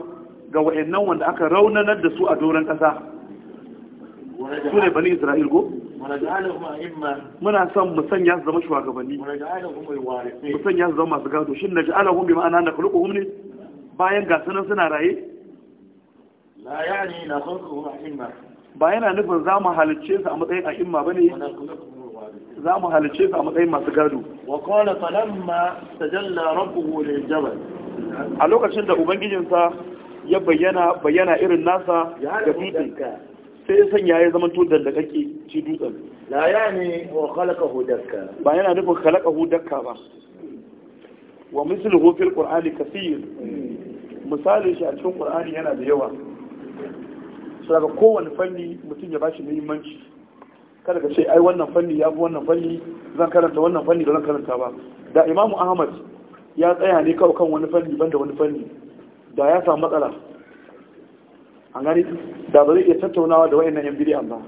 ga wa'annan wanda aka raunanar da su a doron ƙasa su ne bani isra'il ko muna son mu sanya su zama shugabanni mu sanya su zama masu gado shin hun bi ma'ana nakhluquhum ne bayan ga sunan suna raye ba yana nufin za mu halicce su a matsayin a'imma ne? za mu halicce su a matsayin masu gado wa ma falamma tajalla rabbuhu lil jabal a lokacin da ubangijinsa ya bayyana bayyana irin nasa ga dutsen sai ya sanya ya zama tudar da kake ci dutsen la ya ne wa khalaqa hudakka ba yana nufin khalaqa hudakka ba wa hu fil qur'ani kaseer Misali shi a cikin qur'ani yana da yawa saboda kowanne fanni mutum ya bashi muhimmanci kada ka ce ai wannan fanni ya fi wannan fanni zan karanta wannan fanni da zan karanta ba da imamu ahmad ya tsaya ne kawai kan wani fanni ban da wani fanni da ya samu matsala a gani da ba zai iya tattaunawa da wayannan yan biriyan ba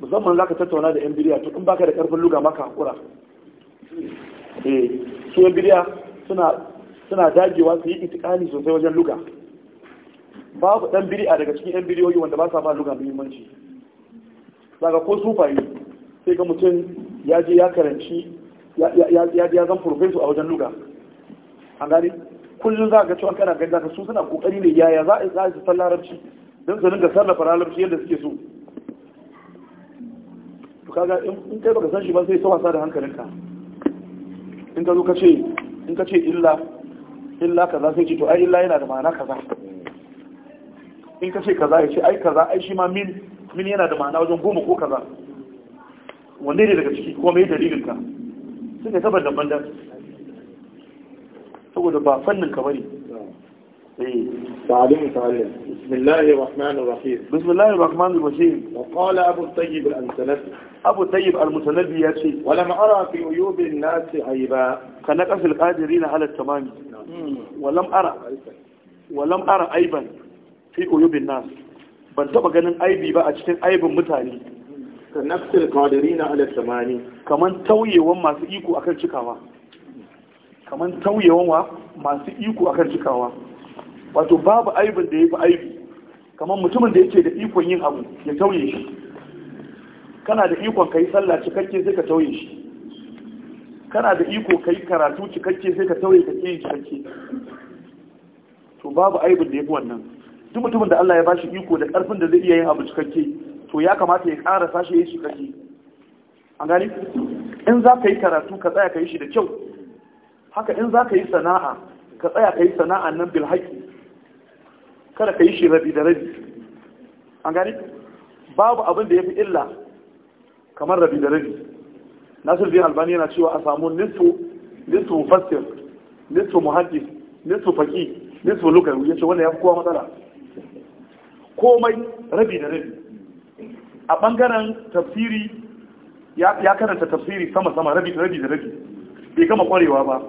musamman za ka tattauna da yan biriya to in baka da karfin luga maka hakura eh su yan biriya suna suna dagewa su yi itikani sosai wajen luga babu dan biriya daga cikin yan biriyoyi wanda ba sa ba luga muhimmanci daga ko sufayi sai ga mutum ya je ya karanci ya zan furfesu a wajen luga an gani. kullum za a ga cewa kana gani ka su suna kokari ne yaya za a yi san larabci don sanin ga sarrafa larabci yadda suke so to kaga in kai baka san shi ba sai sa wasa da hankalinka in ka zo ka ce in ka ce illa illa kaza sai ce to ai illa yana da ma'ana kaza in ka ce kaza ya ce ai kaza ai shi ma min min yana da ma'ana wajen goma ko kaza wanne ne daga ciki ko mai dalilin ka suka saba da bandar saboda ba fannin ka bari تعليم تعليم بسم الله الرحمن الرحيم بسم الله الرحمن الرحيم وقال أبو الطيب المتنبي أبو الطيب المتنبي يا شيء ولم أرى في عيوب الناس عيبا كنقص القادرين على التمام ولم أرى ولم أرى عيبا في عيوب الناس ban taba ganin aibi ba a cikin aibin mutane ka nafsil qadirina ala samani kaman tauyewan masu iko akan cikawa kaman tauyewan wa masu iko akan cikawa wato babu aibin da ya fi aibi kaman mutumin da yake da ikon yin abu ya tauye shi kana da ikon kai sallah cikakke sai ka tauye shi kana da iko kai karatu cikakke sai ka tauye ka ke cikakke to babu aibin da ya fi wannan duk mutumin da Allah ya bashi iko da karfin da zai iya yin abu cikakke to ya kamata ya ƙara sashe ya shi kashi an gani in za ka yi karatu ka tsaya ka yi shi da kyau haka in za ka yi sana'a ka tsaya ka yi sana'a nan bilhaki kada ka yi shi rabi da rabi an gani babu abin da ya fi illa kamar rabi da rabi nasir bin albani yana cewa a samu nisfu nisfu mufassir nisfu muhaddis nisfu faqih nisfu Ya ce wanda ya fi kowa matsala komai rabi da rabi a ɓangaren tafsiri ya karanta tafsiri sama-sama rabi da rabi da rabi bai gama ƙwarewa ba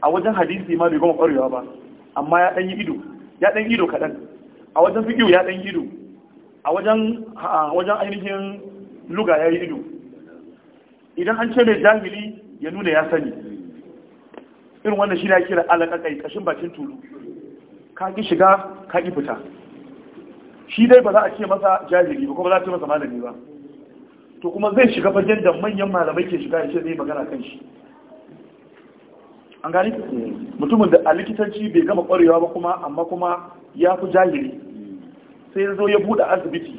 a wajen hadisi ma bai gama ƙwarewa ba amma ya ɗan yi ido ya ɗan ido kaɗan a wajen fiƙiyo ya ɗan ido a wajen wajen ainihin luga ya yi ido idan an ce mai jahili ya nuna ya sani irin wannan shi ne ya kira alaƙaƙai ƙashin bakin tulu ka ki shiga ka ki fita shi dai ba za a ce masa jahili ba kuma za a ce masa malami ba to kuma zai shiga fagen da manyan malamai ke shiga ya ce zai magana kan shi an gani mutumin da a likitanci bai gama kwarewa ba kuma amma kuma ya fi jahili sai zo ya buɗe asibiti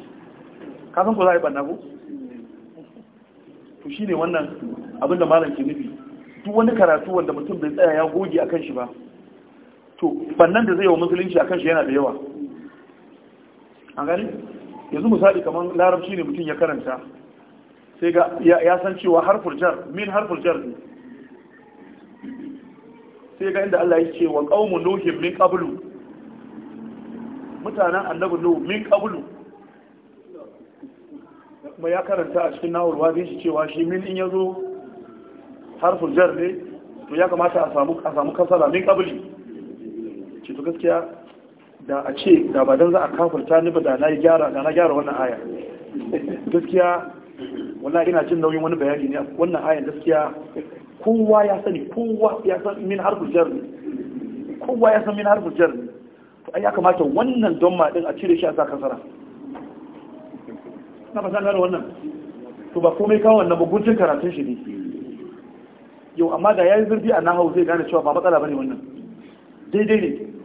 kasan ku za a yi banna ku to shi ne wannan abin da malam ke nufi duk wani karatu wanda mutum bai tsaya ya goge a kan shi ba to bannan da zai yi wa musulunci a kan shi yana da yawa an gani yanzu misali kamar larabci ne mutum ya karanta sai ga ya san cewa harful jar min harful jar ne sai ga inda Allah ya ce wa qaumun nuhin min qablu mutanen annabi nuh min qablu kuma ya karanta a cikin nawarwa zai shi cewa shi min in yazo harful jar ne to ya kamata a samu kasala min qabli ce to gaskiya da a ce da ba don za a kafurta ni ba da na gyara da na gyara wannan aya gaskiya wannan ina jin nauyin wani bayani ne wannan aya gaskiya kowa ya sani kowa ya san min har jar ne kowa ya san min har jar ne to ai ya kamata wannan don ma din a cire shi a sa kasara na ba san gano wannan to ba komai kawo wannan buguncin karatun shi ne yau amma da yayi zurfi a nahau zai gane cewa ba matsala bane wannan daidai ne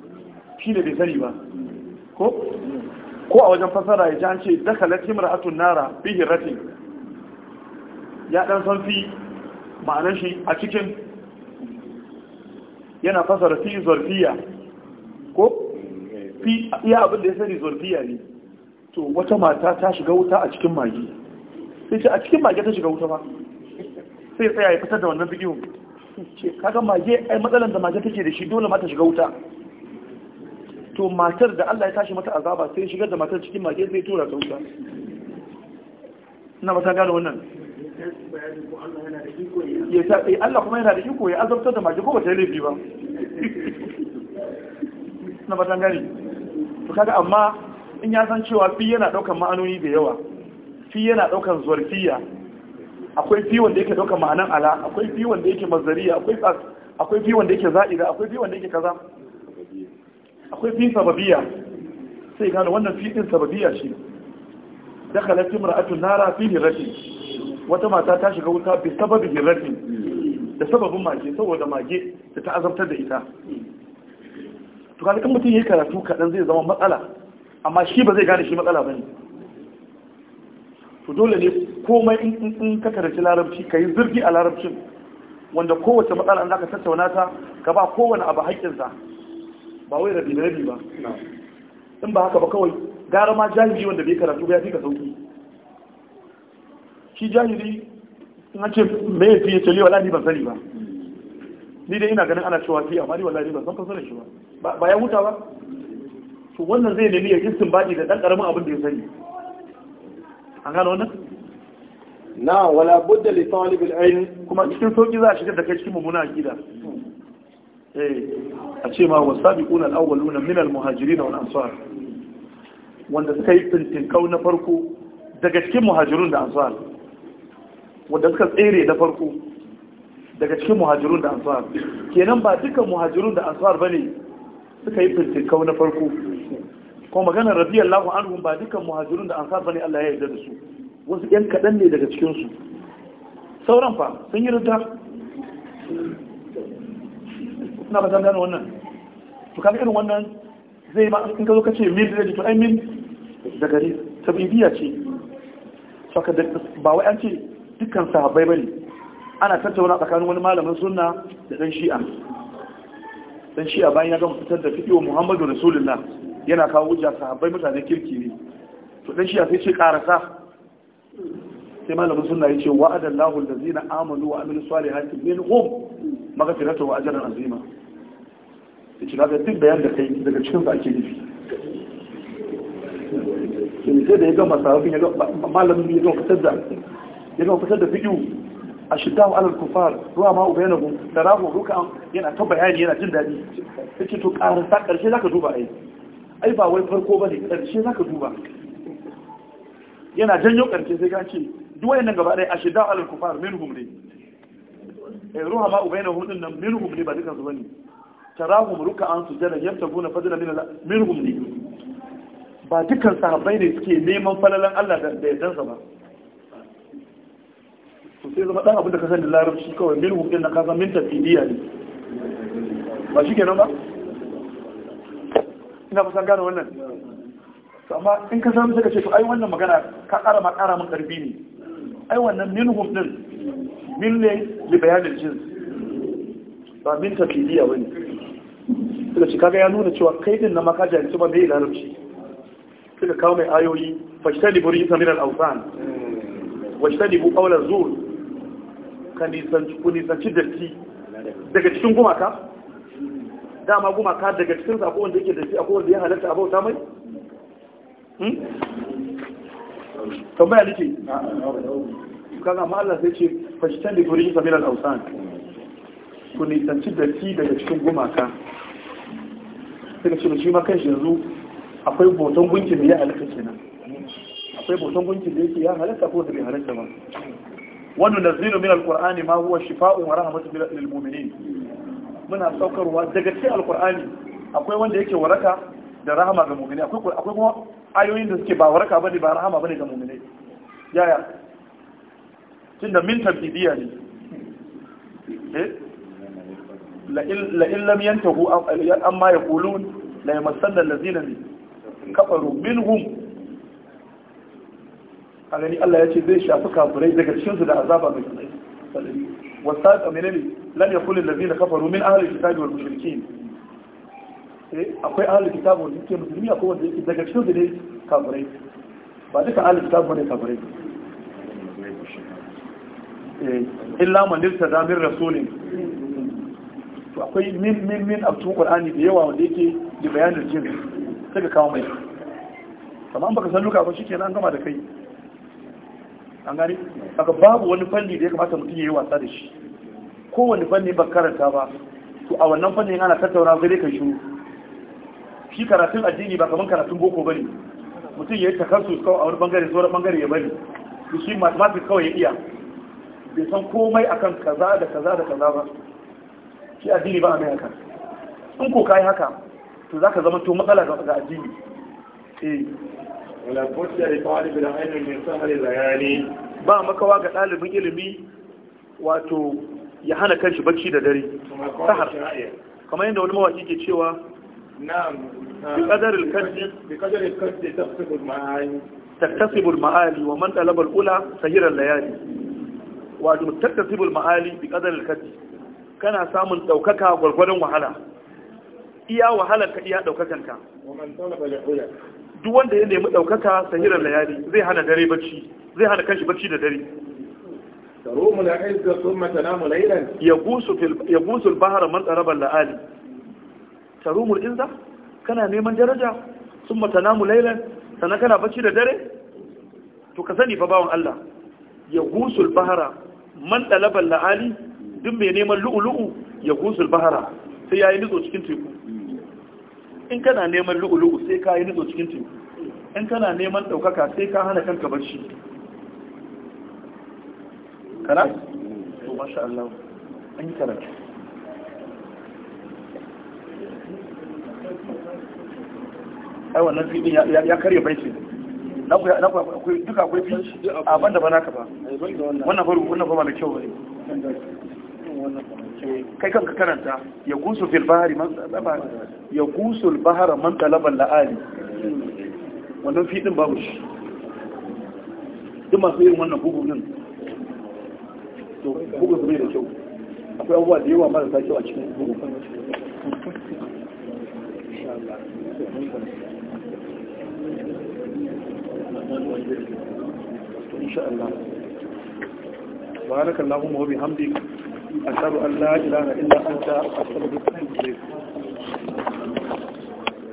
shi da bai sani ba ko ko a wajen fasara ya ji an ce latin imra'atun nara bihin, rati, ya dan san fi ma'anar shi a cikin yana fasara fi zurfiya ko fi iya abin da ya sani zurfiya ne to wata mata ta shiga wuta a cikin magi sai ce a cikin mage ta shiga wuta ba sai tsaya ya fitar da wannan bidiyon ce kaga mage ai matsalan da magi take da shi dole ma ta shiga wuta to matar da Allah ya tashi mata azaba sai shigar da matar cikin mage sai tura ta wuta ina ba ta gano wannan eh, Allah kuma yana da iko ya azabtar da mage ko ba ta yi laifi ba ina ba ta gani to kaga amma in ya san cewa fi yana daukan ma'anoni da yawa fi yana daukan zurfiya akwai fi wanda yake daukan ma'anan ala akwai fi wanda yake mazariya akwai akwai fi wanda yake za'ida akwai fi wanda yake kaza akwai fi sababiya sai gano wannan fi din sababiya shi dakala timra'atun nara fi hirati wata mata ta shiga wuta bi sababi hirati da sababin mage saboda mage da ta azabtar da ita to kaga kan mutum yayi karatu kadan zai zama matsala amma shi ba zai gane shi matsala bane to dole ne komai in in ka karanci larabci ka yi a larabcin wanda kowace matsala an zaka tattauna ta ka ba kowane abu haƙƙinsa ba wai rabi da rabi ba in ba haka ba kawai gara ma jahiri wanda bai karatu ba ya fi ka sauki shi jahiri na ce me ya fiye ce liwala ni ban sani ba ni dai ina ganin ana cewa fi amma ni wallahi ban san fasarar shi ba ba ya huta ba to wannan zai nemi ya gistin baɗi da ɗan ƙaramin abin da ya sani an gano wannan na wala budda li talib al-ilm kuma cikin sauki za a shigar da kai cikin mummuna akida Eh, a ce ma wasu sabiquna al-awwaluna min al-muhajirin wal ansar wanda suka yi kau na farko daga cikin muhajirun da ansar wanda suka tsere na farko daga cikin muhajirun da ansar kenan ba dukkan muhajirun da ansar bane suka yi kau na farko ko maganar radiyallahu anhum ba dukkan muhajirun da ansar bane Allah ya yarda da su wasu yan kadan ne daga cikin su sauran fa sun yi ridda ina ba zan gane wannan to kaga irin wannan zai ma in ka zo ka ce min zai to ai min da gari tabibiya ce saka da ba wai an ce dukkan sahabbai bane ana tattauna tsakanin wani malamin sunna da dan shi'a dan shi'a bayan ya gama fitar da fiqhu Muhammadu Rasulullah yana kawo wuja sahabbai mutanen kirki ne to dan shi'a sai ce karasa sai malamin sunna yace wa'adallahu allazina amanu wa amilus salihati minhum maghfiratu wa ajran azima da ci kaga duk bayan da kai daga cikin sa ake nufi shi sai da ya gama sarrafin ya gama malamin ya da ya gama da fiƙiyu a shidda wa alal kufar ruwa ma ubai na gun da rahu ruka yana ta bayani yana jin daɗi ta ce to ƙarasa ƙarshe za ka duba ai ai ba wai farko bane ne ƙarshe za ka duba yana janyo ƙarshe sai ka ce duwayen nan gaba ɗaya a shidda wa alal kufar min humre eh, ruwa ma ubai na hudun nan min ne ba dukansu ba ne tarahum jana yanta yabtaguna fadila min minhum ba dukkan sahabbai ne suke neman falalan Allah da yardansa ba to sai zama dan abin da ka sani larabci kawai minhum din na ka san min tafidiya ne ba shi nan ba ina kusan gane wannan amma in ka san suka ce to ai wannan magana ka ƙara ma ƙara min ƙarfi ne ai wannan minhum din min ne li bayanin jins ba min tafidiya wani suka ci kaga ya nuna cewa kai din na maka jahilci ba mai larabci suka kawo mai ayoyi fashtani buri isa minal ausan washtani bu kaula zuwa ka nisanci datti daga cikin gumaka dama gumaka daga cikin sa akwai wanda yake datti a wanda ya halatta a bauta mai hmm? tambaya nake kaga amma Allah sai ce fashtani buri isa minal ausan ku nisanci datti daga cikin gumaka suka ce shi ma kan shi yanzu akwai boton gunkin da ya halatta nan akwai boton gunkin da yake ya halitta ko da bai halitta ba wannan zino min alkur'ani ma huwa shifaa'un wa rahmatun lil mu'minin muna saukarwa daga cikin alkur'ani akwai wanda yake waraka da rahama ga mu'mini akwai akwai kuma ayoyin da suke ba waraka bane ba rahama bane ga mu'mini yaya tunda min tabidiyya ne eh la'in lam yantahu amma yaqulun la zina allazina kafaru minhum a gani Allah ya ce zai shafi kafirai daga cikinsu da azaba mai tsanani wasaƙa ne lam da allazina kafaru min ahli kitabi wal mushrikin eh akwai ahli kitabi wal mushrikin musulmi akwai wanda yake daga cikin su ne kafirai ba duka ahli kitabi ne kafirai eh, illa man irtada min rasulin akwai min min min a cikin qur'ani da yawa wanda yake da bayanin jin sai ka kawo mai amma an baka san luka ba shikenan an gama da kai an gani aka babu wani fanni da ya kamata mutum ya yi wasa da shi Ko wani fanni ba karanta ba to a wannan fannin ana tattauna zai ka shiru shi karatun addini ba kaman karatun boko bane mutum ya yi takarsu kawai a wani bangare zuwa bangare ya bari shi mathematics kawai ya iya bai san komai akan kaza da kaza da kaza ba shi addini ba a mai haka in ko kayi haka to za ka zama to matsala ga addini eh. ba makawa ga ɗalibin ilimi wato ya hana kanshi bacci da dare sahar kamar yadda wani mawaki ke cewa bi kadarin kanti tattasibul ma'ali wa man talabar ula sahirar layali wato tattasibul ma'ali bi kadarin kanti kana samun ɗaukaka gwargwadon wahala iya wahalar ka iya ɗaukakan ka duk wanda ya nemi ɗaukaka sahirar layali zai hana dare bacci zai hana kanshi bacci da dare ya gusu bahara man tsarabar la'ali tarumul inza kana neman daraja sun matanamu lailan sannan kana bacci da dare to ka sani fa bawan Allah ya gusu bahara man tsarabar la'ali duk mai neman lu'ulu'u ya gusul bahara sai ya yi nutso cikin teku in kana neman lu'ulu'u sai ka yi nutso cikin teku in kana neman ɗaukaka sai ka hana kanka barci kana? to masha Allah an yi karatu ai wannan fiɗin ya karya baiti duka akwai fi abin da ba naka ba wannan faru wannan ba mai kyau ba ne kai kanka karanta ya gusu fil ya gusu bahara man talaba la'ali wannan fitin babu shi duk masu irin wannan bugu nan to bugu su da kyau akwai abubuwa da yawa marasa kyau a cikin bugu إن kalla kuma بارك اللهم hamdi أشهد أن لا إله إلا أنت أستغفرك